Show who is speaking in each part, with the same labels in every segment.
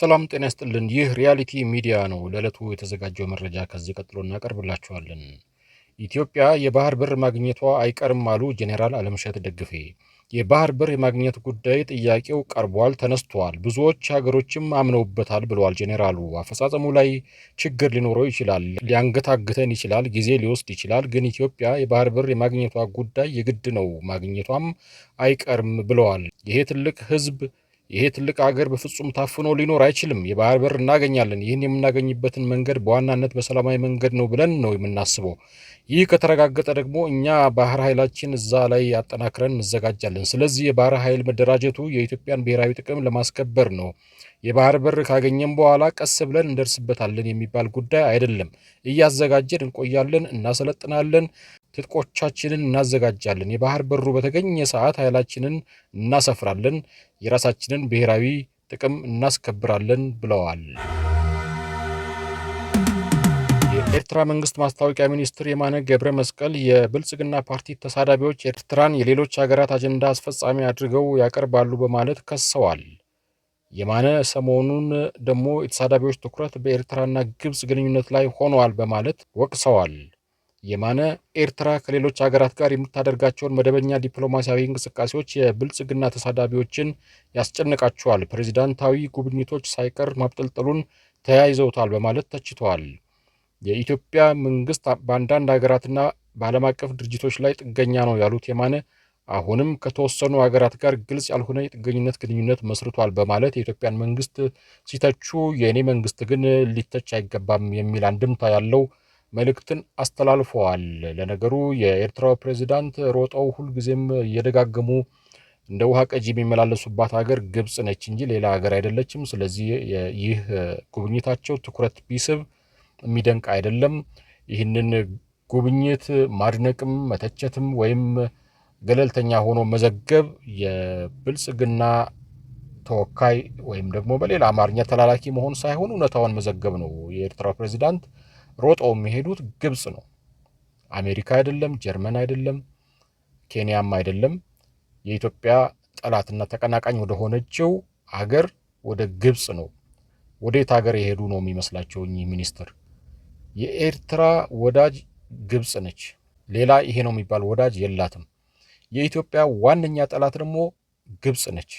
Speaker 1: ሰላም ጤና ይስጥልን። ይህ ሪያሊቲ ሚዲያ ነው። ለዕለቱ የተዘጋጀው መረጃ ከዚህ ቀጥሎ እናቀርብላችኋለን። ኢትዮጵያ የባህር በር ማግኘቷ አይቀርም አሉ ጄኔራል አለምሸት ደግፌ። የባህር በር የማግኘት ጉዳይ ጥያቄው ቀርቧል፣ ተነስቷል፣ ብዙዎች ሀገሮችም አምነውበታል ብለዋል ጄኔራሉ። አፈጻጸሙ ላይ ችግር ሊኖረው ይችላል፣ ሊያንገታግተን ይችላል፣ ጊዜ ሊወስድ ይችላል። ግን ኢትዮጵያ የባህር በር የማግኘቷ ጉዳይ የግድ ነው፣ ማግኘቷም አይቀርም ብለዋል። ይሄ ትልቅ ህዝብ ይሄ ትልቅ አገር በፍጹም ታፍኖ ሊኖር አይችልም። የባህር በር እናገኛለን። ይህን የምናገኝበትን መንገድ በዋናነት በሰላማዊ መንገድ ነው ብለን ነው የምናስበው። ይህ ከተረጋገጠ ደግሞ እኛ ባህር ኃይላችን እዛ ላይ አጠናክረን እንዘጋጃለን። ስለዚህ የባህር ኃይል መደራጀቱ የኢትዮጵያን ብሔራዊ ጥቅም ለማስከበር ነው። የባህር በር ካገኘን በኋላ ቀስ ብለን እንደርስበታለን የሚባል ጉዳይ አይደለም። እያዘጋጀን እንቆያለን፣ እናሰለጥናለን፣ ትጥቆቻችንን እናዘጋጃለን። የባህር በሩ በተገኘ ሰዓት ኃይላችንን እናሰፍራለን። የራሳችንን ብሔራዊ ጥቅም እናስከብራለን ብለዋል። የኤርትራ መንግስት ማስታወቂያ ሚኒስትር የማነ ገብረ መስቀል የብልጽግና ፓርቲ ተሳዳቢዎች ኤርትራን የሌሎች ሀገራት አጀንዳ አስፈጻሚ አድርገው ያቀርባሉ በማለት ከሰዋል። የማነ ሰሞኑን ደግሞ የተሳዳቢዎች ትኩረት በኤርትራና ግብፅ ግንኙነት ላይ ሆኗል በማለት ወቅሰዋል። የማነ ኤርትራ ከሌሎች ሀገራት ጋር የምታደርጋቸውን መደበኛ ዲፕሎማሲያዊ እንቅስቃሴዎች የብልጽግና ተሳዳቢዎችን ያስጨንቃቸዋል፣ ፕሬዚዳንታዊ ጉብኝቶች ሳይቀር ማብጠልጠሉን ተያይዘውታል በማለት ተችተዋል። የኢትዮጵያ መንግስት በአንዳንድ ሀገራትና በዓለም አቀፍ ድርጅቶች ላይ ጥገኛ ነው ያሉት የማነ አሁንም ከተወሰኑ ሀገራት ጋር ግልጽ ያልሆነ የጥገኝነት ግንኙነት መስርቷል በማለት የኢትዮጵያን መንግስት ሲተቹ የእኔ መንግስት ግን ሊተች አይገባም የሚል አንድምታ ያለው መልእክትን አስተላልፈዋል። ለነገሩ የኤርትራው ፕሬዚዳንት ሮጠው ሁልጊዜም እየደጋገሙ እንደ ውሃ ቀጂ የሚመላለሱባት ሀገር ግብጽ ነች እንጂ ሌላ ሀገር አይደለችም። ስለዚህ ይህ ጉብኝታቸው ትኩረት ቢስብ የሚደንቅ አይደለም። ይህንን ጉብኝት ማድነቅም መተቸትም ወይም ገለልተኛ ሆኖ መዘገብ የብልጽግና ተወካይ ወይም ደግሞ በሌላ አማርኛ ተላላኪ መሆን ሳይሆን እውነታውን መዘገብ ነው። የኤርትራው ፕሬዚዳንት ሮጠው የሚሄዱት ግብጽ ነው። አሜሪካ አይደለም፣ ጀርመን አይደለም፣ ኬንያም አይደለም። የኢትዮጵያ ጠላትና ተቀናቃኝ ወደ ሆነችው አገር ወደ ግብጽ ነው። ወዴት ሀገር የሄዱ ነው የሚመስላቸው እኚህ ሚኒስትር? የኤርትራ ወዳጅ ግብጽ ነች። ሌላ ይሄ ነው የሚባል ወዳጅ የላትም። የኢትዮጵያ ዋነኛ ጠላት ደግሞ ግብጽ ነች።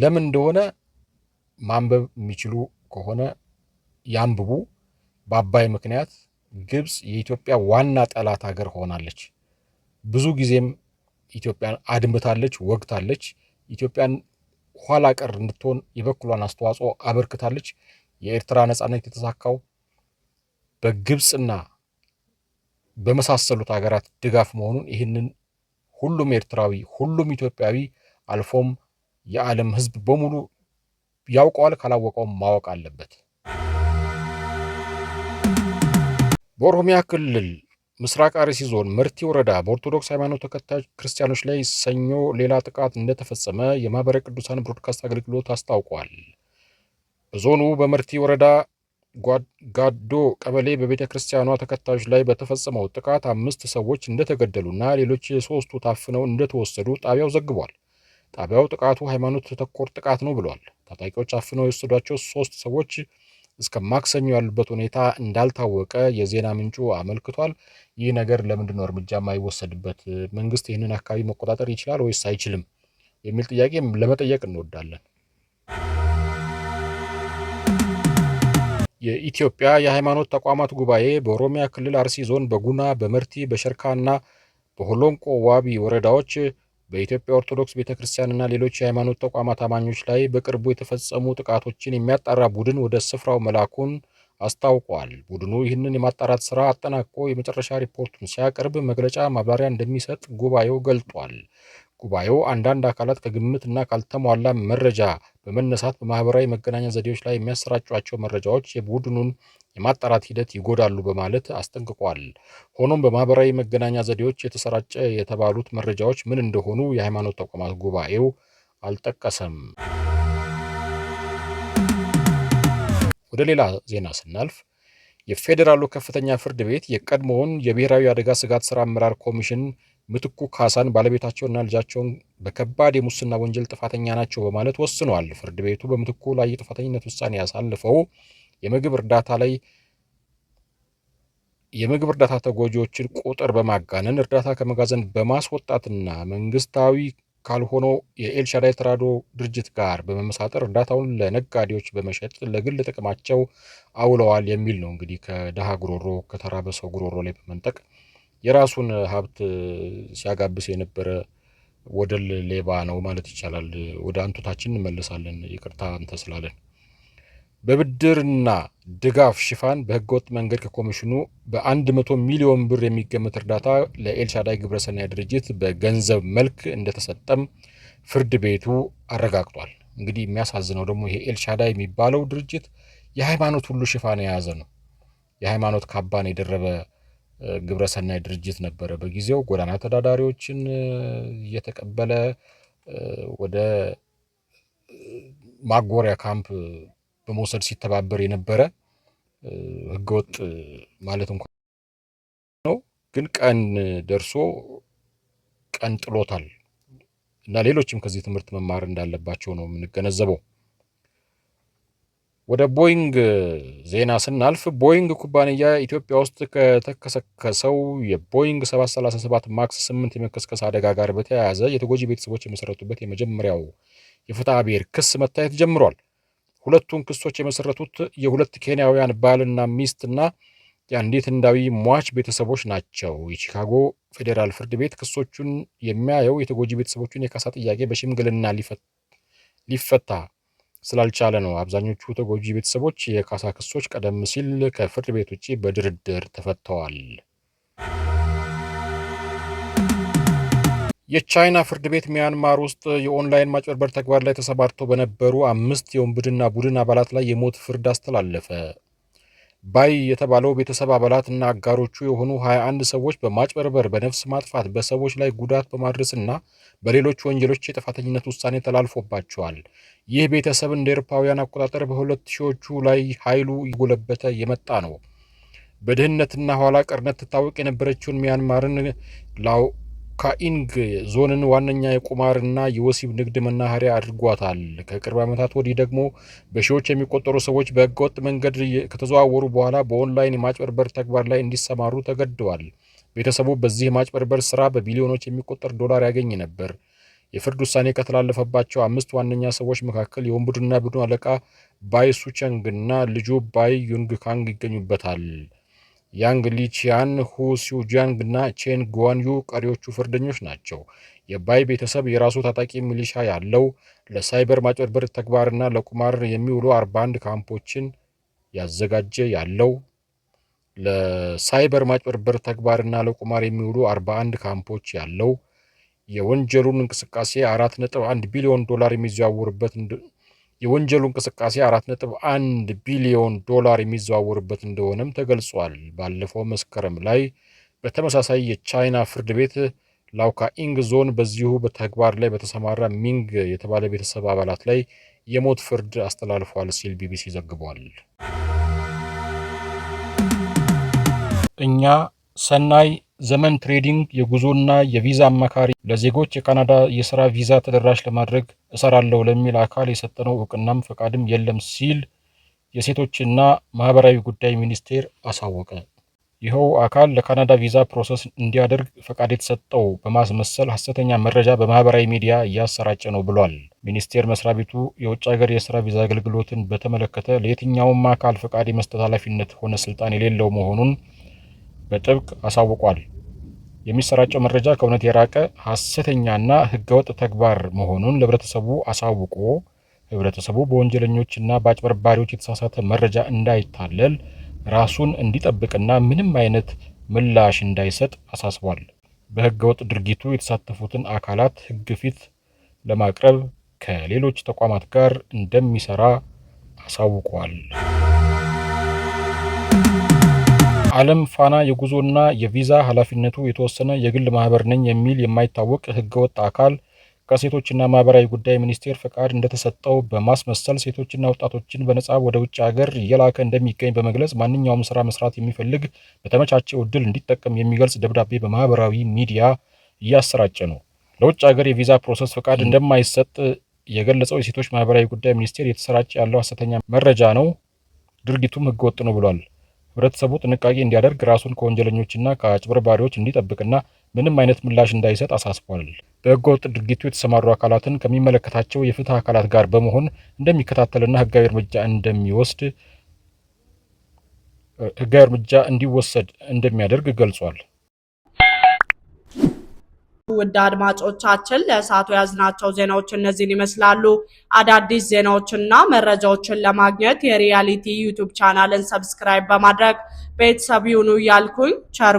Speaker 1: ለምን እንደሆነ ማንበብ የሚችሉ ከሆነ ያንብቡ። በአባይ ምክንያት ግብፅ የኢትዮጵያ ዋና ጠላት ሀገር ሆናለች። ብዙ ጊዜም ኢትዮጵያን አድምታለች፣ ወግታለች። ኢትዮጵያን ኋላ ቀር እንድትሆን የበኩሏን አስተዋጽኦ አበርክታለች። የኤርትራ ነጻነት የተሳካው በግብፅና በመሳሰሉት ሀገራት ድጋፍ መሆኑን ይህንን ሁሉም ኤርትራዊ፣ ሁሉም ኢትዮጵያዊ አልፎም የዓለም ሕዝብ በሙሉ ያውቀዋል። ካላወቀውም ማወቅ አለበት። በኦሮሚያ ክልል ምስራቅ አርሲ ዞን መርቲ ወረዳ በኦርቶዶክስ ሃይማኖት ተከታዮች ክርስቲያኖች ላይ ሰኞ ሌላ ጥቃት እንደተፈጸመ የማህበረ ቅዱሳን ብሮድካስት አገልግሎት አስታውቋል። በዞኑ በመርቲ ወረዳ ጋዶ ቀበሌ በቤተ ክርስቲያኗ ተከታዮች ላይ በተፈጸመው ጥቃት አምስት ሰዎች እንደተገደሉና ሌሎች የሶስቱ ታፍነው እንደተወሰዱ ጣቢያው ዘግቧል። ጣቢያው ጥቃቱ ሃይማኖት ተኮር ጥቃት ነው ብሏል። ታጣቂዎች አፍነው የወሰዷቸው ሶስት ሰዎች እስከ ማክሰኞ ያሉበት ሁኔታ እንዳልታወቀ የዜና ምንጩ አመልክቷል። ይህ ነገር ለምንድን ነው እርምጃ የማይወሰድበት? መንግስት ይህንን አካባቢ መቆጣጠር ይችላል ወይስ አይችልም የሚል ጥያቄ ለመጠየቅ እንወዳለን። የኢትዮጵያ የሃይማኖት ተቋማት ጉባኤ በኦሮሚያ ክልል አርሲ ዞን በጉና፣ በመርቲ፣ በሸርካ እና በሆሎንቆ ዋቢ ወረዳዎች በኢትዮጵያ ኦርቶዶክስ ቤተ ክርስቲያንና ሌሎች የሃይማኖት ተቋማት አማኞች ላይ በቅርቡ የተፈጸሙ ጥቃቶችን የሚያጣራ ቡድን ወደ ስፍራው መላኩን አስታውቋል። ቡድኑ ይህንን የማጣራት ስራ አጠናቆ የመጨረሻ ሪፖርቱን ሲያቀርብ መግለጫ ማብራሪያ እንደሚሰጥ ጉባኤው ገልጧል። ጉባኤው አንዳንድ አካላት ከግምት እና ካልተሟላ መረጃ በመነሳት በማህበራዊ መገናኛ ዘዴዎች ላይ የሚያሰራጯቸው መረጃዎች የቡድኑን የማጣራት ሂደት ይጎዳሉ በማለት አስጠንቅቋል። ሆኖም በማህበራዊ መገናኛ ዘዴዎች የተሰራጨ የተባሉት መረጃዎች ምን እንደሆኑ የሃይማኖት ተቋማት ጉባኤው አልጠቀሰም። ወደ ሌላ ዜና ስናልፍ የፌዴራሉ ከፍተኛ ፍርድ ቤት የቀድሞውን የብሔራዊ አደጋ ስጋት ስራ አመራር ኮሚሽን ምትኩ ካሳን ባለቤታቸውና ልጃቸውን በከባድ የሙስና ወንጀል ጥፋተኛ ናቸው በማለት ወስነዋል። ፍርድ ቤቱ በምትኩ ላይ የጥፋተኝነት ውሳኔ ያሳልፈው የምግብ እርዳታ ላይ የምግብ እርዳታ ተጎጂዎችን ቁጥር በማጋነን እርዳታ ከመጋዘን በማስወጣትና መንግስታዊ ካልሆነው የኤልሻዳይ ተራዶ ድርጅት ጋር በመመሳጠር እርዳታውን ለነጋዴዎች በመሸጥ ለግል ጥቅማቸው አውለዋል የሚል ነው። እንግዲህ ከድሃ ጉሮሮ ከተራበሰው ጉሮሮ ላይ በመንጠቅ የራሱን ሀብት ሲያጋብስ የነበረ ወደል ሌባ ነው ማለት ይቻላል። ወደ አንቱታችን እንመለሳለን፣ ይቅርታ አንተ ስላለን። በብድርና ድጋፍ ሽፋን በህገወጥ መንገድ ከኮሚሽኑ በ100 ሚሊዮን ብር የሚገመት እርዳታ ለኤልሻዳይ ግብረሰናይ ድርጅት በገንዘብ መልክ እንደተሰጠም ፍርድ ቤቱ አረጋግጧል። እንግዲህ የሚያሳዝነው ደግሞ ይሄ ኤልሻዳይ የሚባለው ድርጅት የሃይማኖት ሁሉ ሽፋን የያዘ ነው። የሃይማኖት ካባን የደረበ ግብረሰናይ ድርጅት ነበረ በጊዜው ጎዳና ተዳዳሪዎችን እየተቀበለ ወደ ማጎሪያ ካምፕ በመውሰድ ሲተባበር የነበረ ህገወጥ ማለት እንኳን ነው። ግን ቀን ደርሶ ቀን ጥሎታል እና ሌሎችም ከዚህ ትምህርት መማር እንዳለባቸው ነው የምንገነዘበው። ወደ ቦይንግ ዜና ስናልፍ ቦይንግ ኩባንያ ኢትዮጵያ ውስጥ ከተከሰከሰው የቦይንግ 737 ማክስ 8 የመከስከስ አደጋ ጋር በተያያዘ የተጎጂ ቤተሰቦች የመሰረቱበት የመጀመሪያው የፍትሐ ብሔር ክስ መታየት ጀምሯል። ሁለቱን ክሶች የመሰረቱት የሁለት ኬንያውያን ባልና ሚስትና የአንዲት ህንዳዊ ሟች ቤተሰቦች ናቸው። የቺካጎ ፌዴራል ፍርድ ቤት ክሶቹን የሚያየው የተጎጂ ቤተሰቦቹን የካሳ ጥያቄ በሽምግልና ሊፈታ ስላልቻለ ነው። አብዛኞቹ ተጎጂ ቤተሰቦች የካሳ ክሶች ቀደም ሲል ከፍርድ ቤት ውጭ በድርድር ተፈተዋል። የቻይና ፍርድ ቤት ሚያንማር ውስጥ የኦንላይን ማጭበርበር ተግባር ላይ ተሰማርተው በነበሩ አምስት የወንብድና ቡድን አባላት ላይ የሞት ፍርድ አስተላለፈ። ባይ የተባለው ቤተሰብ አባላትና አጋሮቹ የሆኑ 21 ሰዎች በማጭበርበር፣ በነፍስ ማጥፋት፣ በሰዎች ላይ ጉዳት በማድረስና በሌሎች ወንጀሎች የጥፋተኝነት ውሳኔ ተላልፎባቸዋል። ይህ ቤተሰብ እንደ ኤርፓውያን አቆጣጠር በሁለት ሺዎቹ ላይ ኃይሉ እየጎለበተ የመጣ ነው። በድህነትና ኋላ ቀርነት ትታወቅ የነበረችውን ሚያንማርን ላው። ካኢንግ ዞንን ዋነኛ የቁማርና የወሲብ ንግድ መናኸሪያ አድርጓታል። ከቅርብ ዓመታት ወዲህ ደግሞ በሺዎች የሚቆጠሩ ሰዎች በህገወጥ መንገድ ከተዘዋወሩ በኋላ በኦንላይን የማጭበርበር ተግባር ላይ እንዲሰማሩ ተገደዋል። ቤተሰቡ በዚህ የማጭበርበር ስራ በቢሊዮኖች የሚቆጠር ዶላር ያገኝ ነበር። የፍርድ ውሳኔ ከተላለፈባቸው አምስት ዋነኛ ሰዎች መካከል የወንቡድና ቡድኑ አለቃ ባይ ሱቸንግ እና ልጁ ባይ ዩንግ ካንግ ይገኙበታል። ያንግ ሊቺያን ሁ ሲውጃንግ እና ቼን ጓንዩ ቀሪዎቹ ፍርደኞች ናቸው። የባይ ቤተሰብ የራሱ ታጣቂ ሚሊሻ ያለው ለሳይበር ማጭበርበር ተግባርና ለቁማር የሚውሉ 41 ካምፖችን ያዘጋጀ ያለው ለሳይበር ማጭበርበር ተግባርና ለቁማር የሚውሉ 41 ካምፖች ያለው የወንጀሉን እንቅስቃሴ 4.1 ቢሊዮን ዶላር የሚዘዋውርበት የወንጀሉ እንቅስቃሴ 4.1 ቢሊዮን ዶላር የሚዘዋወርበት እንደሆነም ተገልጿል። ባለፈው መስከረም ላይ በተመሳሳይ የቻይና ፍርድ ቤት ላውካኢንግ ዞን በዚሁ በተግባር ላይ በተሰማራ ሚንግ የተባለ ቤተሰብ አባላት ላይ የሞት ፍርድ አስተላልፏል ሲል ቢቢሲ ዘግቧል። እኛ ሰናይ ዘመን ትሬዲንግ የጉዞና የቪዛ አማካሪ ለዜጎች የካናዳ የስራ ቪዛ ተደራሽ ለማድረግ እሰራለሁ ለሚል አካል የሰጠነው እውቅናም ፈቃድም የለም ሲል የሴቶችና ማህበራዊ ጉዳይ ሚኒስቴር አሳወቀ። ይኸው አካል ለካናዳ ቪዛ ፕሮሰስ እንዲያደርግ ፈቃድ የተሰጠው በማስመሰል ሐሰተኛ መረጃ በማህበራዊ ሚዲያ እያሰራጨ ነው ብሏል። ሚኒስቴር መስሪያ ቤቱ የውጭ ሀገር የስራ ቪዛ አገልግሎትን በተመለከተ ለየትኛውም አካል ፈቃድ የመስጠት ኃላፊነት ሆነ ስልጣን የሌለው መሆኑን በጥብቅ አሳውቋል። የሚሰራጨው መረጃ ከእውነት የራቀ ሐሰተኛና ህገወጥ ተግባር መሆኑን ለህብረተሰቡ አሳውቆ ህብረተሰቡ በወንጀለኞችና በአጭበርባሪዎች የተሳሳተ መረጃ እንዳይታለል ራሱን እንዲጠብቅና ምንም አይነት ምላሽ እንዳይሰጥ አሳስቧል። በህገወጥ ድርጊቱ የተሳተፉትን አካላት ህግ ፊት ለማቅረብ ከሌሎች ተቋማት ጋር እንደሚሰራ አሳውቋል። አለም ፋና የጉዞና የቪዛ ኃላፊነቱ የተወሰነ የግል ማህበር ነኝ የሚል የማይታወቅ ህገወጥ አካል ከሴቶችና ማህበራዊ ጉዳይ ሚኒስቴር ፈቃድ እንደተሰጠው በማስመሰል ሴቶችና ወጣቶችን በነጻ ወደ ውጭ ሀገር እየላከ እንደሚገኝ በመግለጽ ማንኛውም ስራ መስራት የሚፈልግ በተመቻቸው እድል እንዲጠቀም የሚገልጽ ደብዳቤ በማህበራዊ ሚዲያ እያሰራጨ ነው። ለውጭ ሀገር የቪዛ ፕሮሰስ ፈቃድ እንደማይሰጥ የገለጸው የሴቶች ማህበራዊ ጉዳይ ሚኒስቴር የተሰራጨ ያለው አሰተኛ መረጃ ነው። ድርጊቱም ህገወጥ ነው ብሏል። ህብረተሰቡ ጥንቃቄ እንዲያደርግ ራሱን ከወንጀለኞችና ከአጭበርባሪዎች እንዲጠብቅና ምንም አይነት ምላሽ እንዳይሰጥ አሳስቧል። በህገወጥ ድርጊቱ የተሰማሩ አካላትን ከሚመለከታቸው የፍትህ አካላት ጋር በመሆን እንደሚከታተልና ህጋዊ እርምጃ እንደሚወስድ ህጋዊ እርምጃ እንዲወሰድ እንደሚያደርግ ገልጿል።
Speaker 2: ውድ አድማጮቻችን ለእሳቱ ያዝናቸው ዜናዎች እነዚህን ይመስላሉ። አዳዲስ ዜናዎችና መረጃዎችን ለማግኘት የሪያሊቲ ዩቱብ ቻናልን ሰብስክራይብ በማድረግ ቤተሰብ ይሁኑ እያልኩኝ ቸር